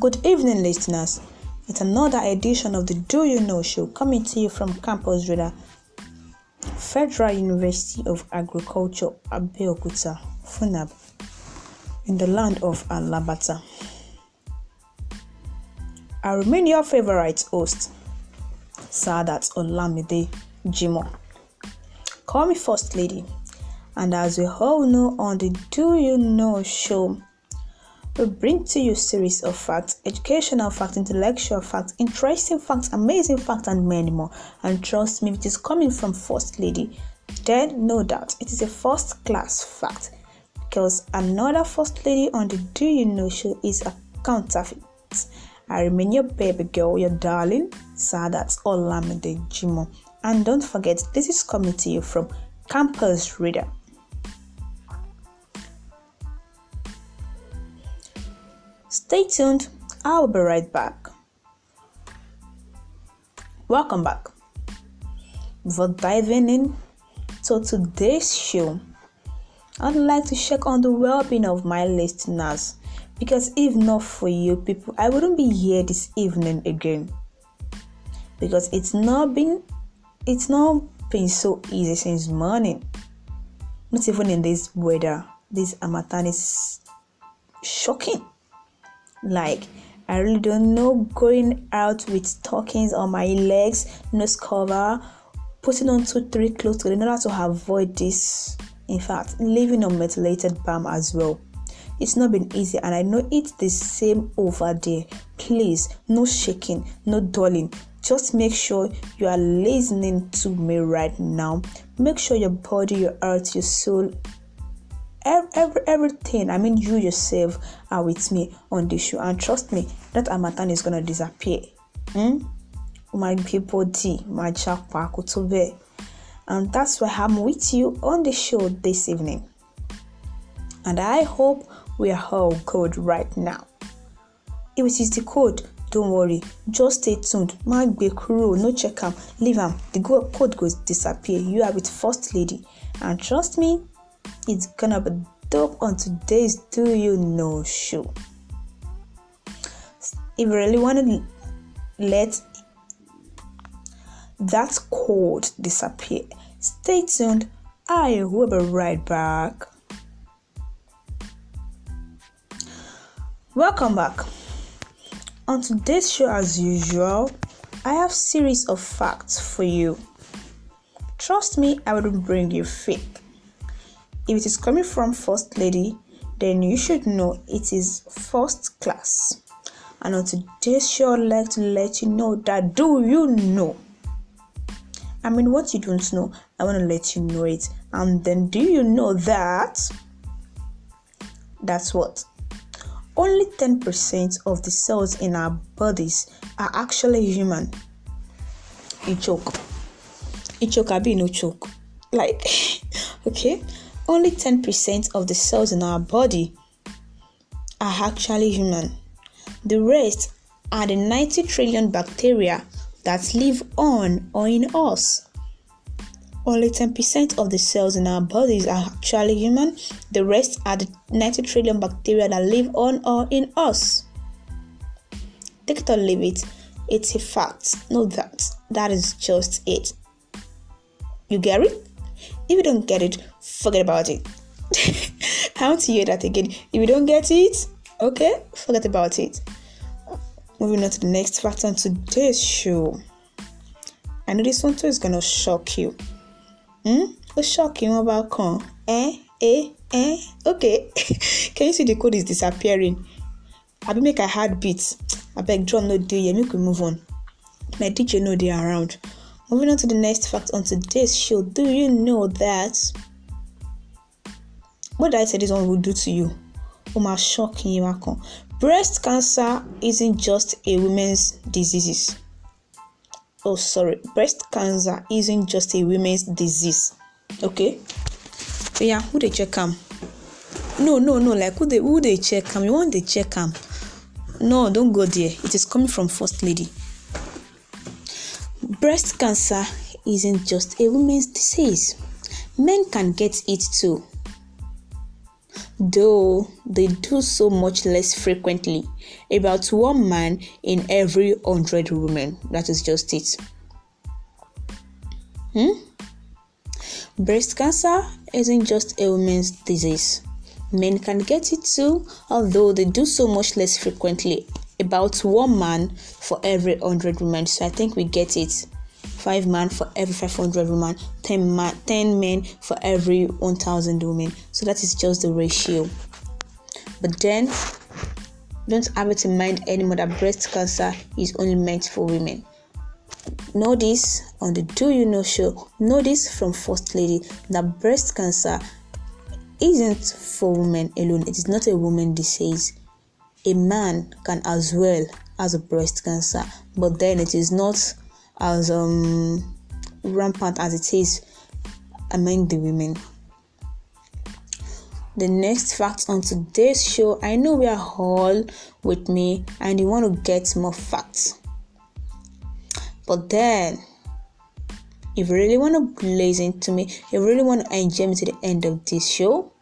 Good evening, listeners. It's another edition of the Do You Know Show coming to you from Campus Rida, Federal University of Agriculture, Abeokuta, Funab, in the land of Alabata. I remain your favorite host, Sadat Olamide Jimo. Call me First Lady. And as we all know on the Do You Know Show, we bring to you series of facts, educational facts, intellectual facts, interesting facts, amazing facts, and many more. And trust me, it is coming from First Lady. Then, no doubt, it is a first class fact because another First Lady on the Do You Know show is a counterfeit. I remain your baby girl, your darling, Sadat Olamide Jimo. And don't forget, this is coming to you from Campus Reader. Stay tuned, I'll be right back. Welcome back. Before diving in to today's show, I'd like to check on the well being of my listeners because if not for you people, I wouldn't be here this evening again. Because it's not been it's not been so easy since morning. Not even in this weather. This Amatan is shocking. Like, I really don't know going out with stockings on my legs, nose cover, putting on two, three clothes in order to avoid this. In fact, living on methylated balm as well. It's not been easy, and I know it's the same over there. Please, no shaking, no dulling. Just make sure you are listening to me right now. Make sure your body, your heart, your soul every, every, everything. I mean, you yourself are with me on this show, and trust me, that Amatan is gonna disappear. Hmm? My people, D, my to be, And that's why I'm with you on the show this evening. And I hope we are all good right now. If it is the code, don't worry, just stay tuned. My be crew, no check am, leave am. The code goes disappear. You are with First Lady, and trust me, it's gonna be dope on today's Do You Know show. If you really want to let that quote disappear, stay tuned. I will be right back. Welcome back. On today's show, as usual, I have series of facts for you. Trust me, I will bring you fake. If it is coming from First Lady, then you should know it is first class. And on today's show, I'd like to let you know that do you know? I mean, what you don't know, I want to let you know it. And then, do you know that? That's what? Only 10% of the cells in our bodies are actually human. You choke. You choke, I be no choke. Like, okay? only 10% of the cells in our body are actually human. The rest are the 90 trillion bacteria that live on or in us. Only 10% of the cells in our bodies are actually human. The rest are the 90 trillion bacteria that live on or in us. Take it or leave it. It's a fact. Know that. That is just it. You get it? If you don't get it, forget about it. I want to hear that again. If you don't get it, okay, forget about it. Moving on to the next fact on today's show. I know this one too is gonna shock you. Hmm? Ó shocking about con? Eh? Eh? Eh? Okay. Can you see the code is disappearing? Abi make a hard beat. Abeg drum no dey here can move on. My DJ they are around. Moving on to the next fact on today's show. Do you know that what did I say this one will do to you? Oh my ṣọ́ọ̀kì You wá kan breast cancer isn't just a woman's disease oh sorry breast cancer isn't just a woman's disease okay Yeah, who dey check am no no no like who dey who dey check am you want dey check am no don't go there it is coming from first lady breast cancer isn't just a woman's disease men can get it too. though they do so much less frequently. About one man in every hundred women. That is just it. Hmm? Breast cancer isn't just a woman's disease. Men can get it too, although they do so much less frequently. About one man for every hundred women. So I think we get it. 5 men for every 500 women, 10, man, 10 men for every 1000 women. So that is just the ratio. But then, don't have it in mind anymore that breast cancer is only meant for women. Know this on the Do You Know show. Know this from First Lady that breast cancer isn't for women alone. It is not a woman disease. A man can as well as a breast cancer, but then it is not as um, rampant as it is among the women. The next fact on today's show, I know we are all with me and you want to get more facts. But then, if you really want to blaze into me, if you really want to enjoy me to the end of this show,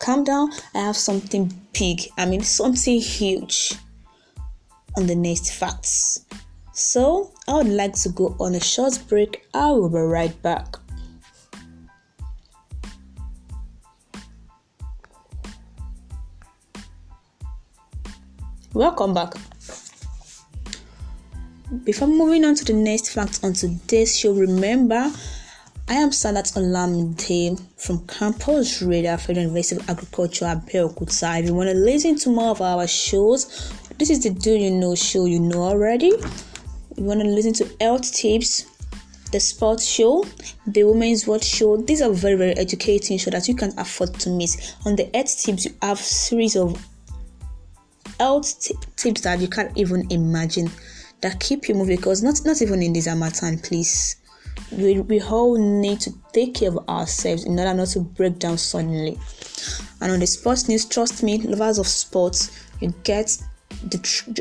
calm down. I have something big, I mean, something huge on the next facts. So I would like to go on a short break. I will be right back. Welcome back. Before moving on to the next fact on today's show, remember I am Sadat Olamide from Campus Radar the University of Agriculture at Beokuta. If you want to listen to more of our shows, this is the Do You Know show you know already you want to listen to health tips the sports show, the women's watch show. These are very, very educating show that you can afford to miss. On the health tips, you have series of health t- tips that you can't even imagine that keep you moving because not, not even in this time, please. We, we all need to take care of ourselves in order not to break down suddenly. And on the sports news, trust me, lovers of sports, you get the,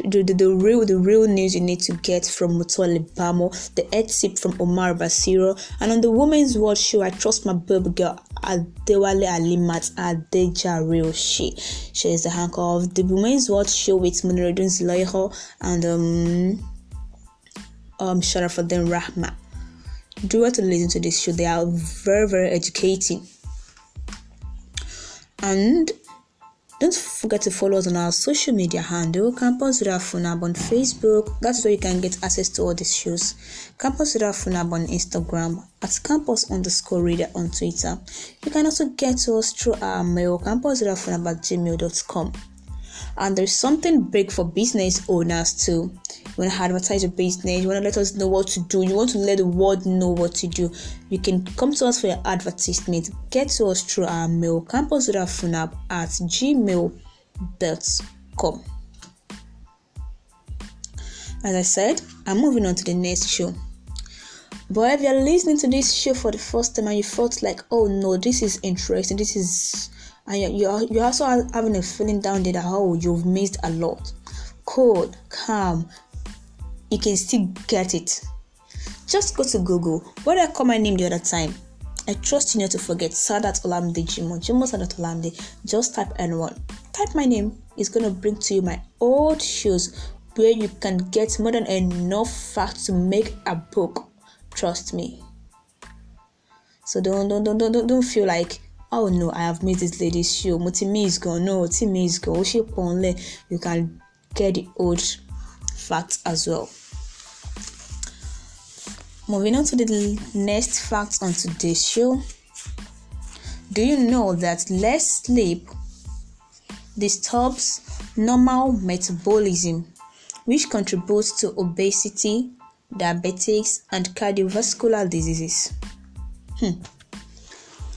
the, the, the, real the real news you need to get from Mutual Libamo, the head tip from Omar Basiro, and on the Women's World Show, I trust my baby girl Adewale Alimat Adeja real She she is the anchor of the Women's World Show with Munirudun Ziloiho and um um them Rahma. Do want to listen to this show? They are very very educating. And don't forget to follow us on our social media handle, Campus on Facebook. That's where you can get access to all these shows. Campus on Instagram, at campus underscore reader on Twitter. You can also get to us through our mail, campusradarfunab at gmail.com and there's something big for business owners too you want to advertise your business you want to let us know what to do you want to let the world know what to do you can come to us for your advertisement get to us through our mail campus.funab at gmail.com as i said i'm moving on to the next show but if you're listening to this show for the first time and you felt like oh no this is interesting this is and you're, you're also having a feeling down there that oh you've missed a lot Cold, calm you can still get it just go to google what i call my name the other time I trust you not to forget Sadat Olamide Jimo, Jimo Sadat Olamide. Just type N1. Type my name. It's going to bring to you my old shows where you can get more than enough facts to make a book. Trust me. So don't don't don't don't don't feel like oh no i have made this lady show mo ti is gone. no ti miss gan gone. ṣe you can get the old facts as well. Moving on to the next facts on today's show. Do you know that less sleep disturbs normal metabolism, which contributes to obesity, diabetes, and cardiovascular diseases? Hmm.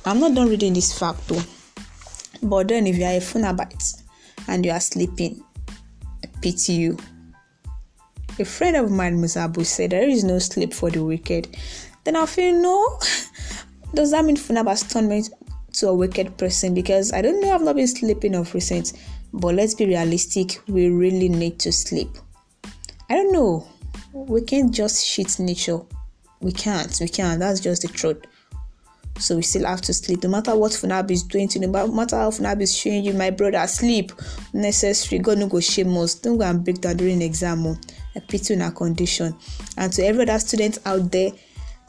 I'm not done reading this fact though. But then, if you are a phonabite and you are sleeping, I pity you. A friend of mine, Musabu, said there is no sleep for the wicked. Then I feel no. Does that mean phonabite turned me to a wicked person? Because I don't know. I've not been sleeping of recent. But let's be realistic. We really need to sleep. I don't know. We can't just shit nature. We can't. We can't. That's just the truth. So we still have to sleep. No matter what funab is doing to you, no matter how funab is showing you, my brother, sleep. Necessary. God no go shame us. Don't go and break down during exam. Oh. I pity in our condition. And to every other student out there,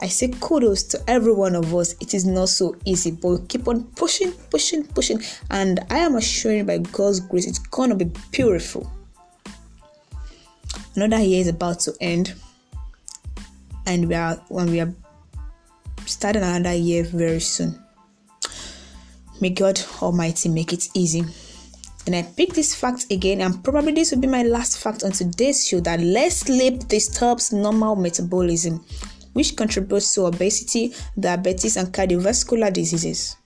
I say kudos to every one of us. It is not so easy, but keep on pushing, pushing, pushing. And I am assuring by God's grace, it's gonna be beautiful. Another year is about to end, and we are when we are start another year very soon. May God Almighty make it easy. And I pick this fact again, and probably this will be my last fact on today's show that less sleep disturbs normal metabolism, which contributes to obesity, diabetes, and cardiovascular diseases.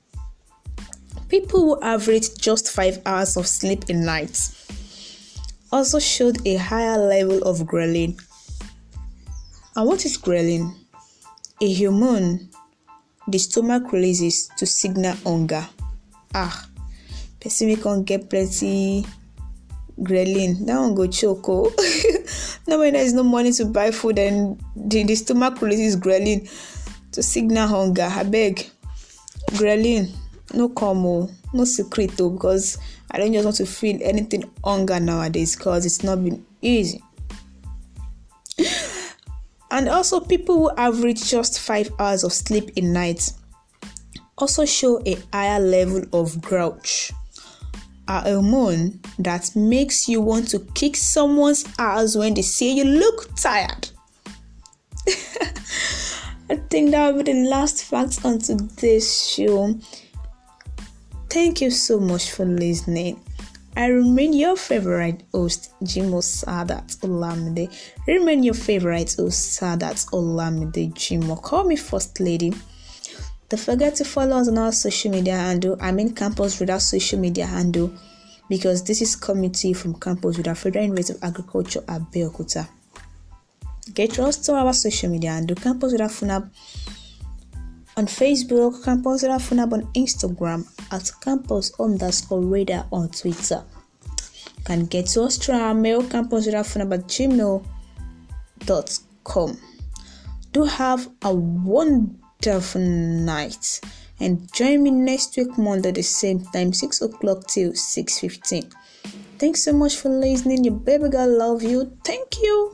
People who average just five hours of sleep a night also showed a higher level of ghrelin. And what is ghrelin? A hormone the stomach releases to signal hunger. Ah, person wey come get plenty ghrelin, that one go choke o. now when there's no money to buy food and the, the stomach releases ghrelin to signal hunger, I beg. Ghrelin no como, oh, no secret o oh, because I don't just want to feel anything hunger nowadays because it's not been easy. and also people who average just 5 hours of sleep a night also show a higher level of grouch a hormone that makes you want to kick someone's ass when they say you look tired i think that will be the last fact on today's show thank you so much for listening I remain your favorite host, Jimo Sadat Olamide. Remain your favorite host, Sadat Olamide Jimo. Call me First Lady. Don't forget to follow us on our social media handle. I mean Campus Without social media handle because this is coming to you from Campus Without Federal University of Agriculture at Beokuta. Get yours to our social media handle, Campus Without Funab on Facebook, Campus Rafunab on Instagram, at Campus underscore radar on Twitter. You can get to us through our mail, gmail dot gmail.com. Do have a wonderful night and join me next week Monday the same time, 6 o'clock till 6.15. Thanks so much for listening. Your baby girl love you. Thank you.